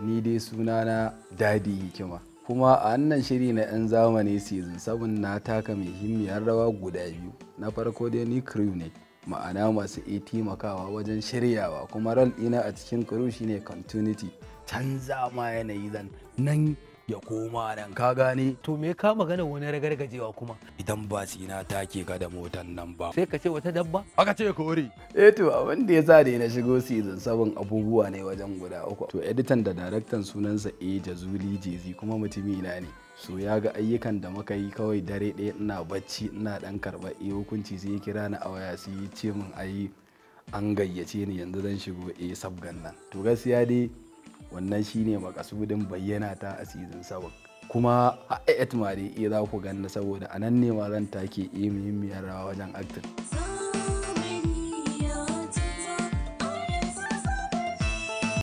ni dai sunana dadi hikima kuma a wannan shiri na 'yan zamani season 7 na taka muhimmiyar rawa guda biyu na farko dai ni crew ne ma'ana masu iya taimakawa wajen shiryawa kuma rol ɗina a cikin crew shine continuity canza ma yanayi zan nan ya koma nan ka gane to me ka magana wani ragargajewa kuma idan ba sina ta ke ka da motan nan ba sai ka ce wata dabba aka ce kore eh to abin da ya sa da na shigo season sabon abubuwa ne wajen guda uku to editan da daraktan sunansa eh Jazuli Jezi kuma mutumi na ne so ya ga ayyukan da muka yi kawai dare ɗaya ina bacci ina dan karba. eh hukunci sai ya kira ni a waya sai ya ce min ayi an gayyace ni yanzu zan shigo eh sabgan nan to gaskiya dai wannan shine makasudin bayyana ta a season 7 kuma a etma dai eh, za ku ganna saboda a nan ne ma zan take iya eh, muhimmiyar rawa wajen acting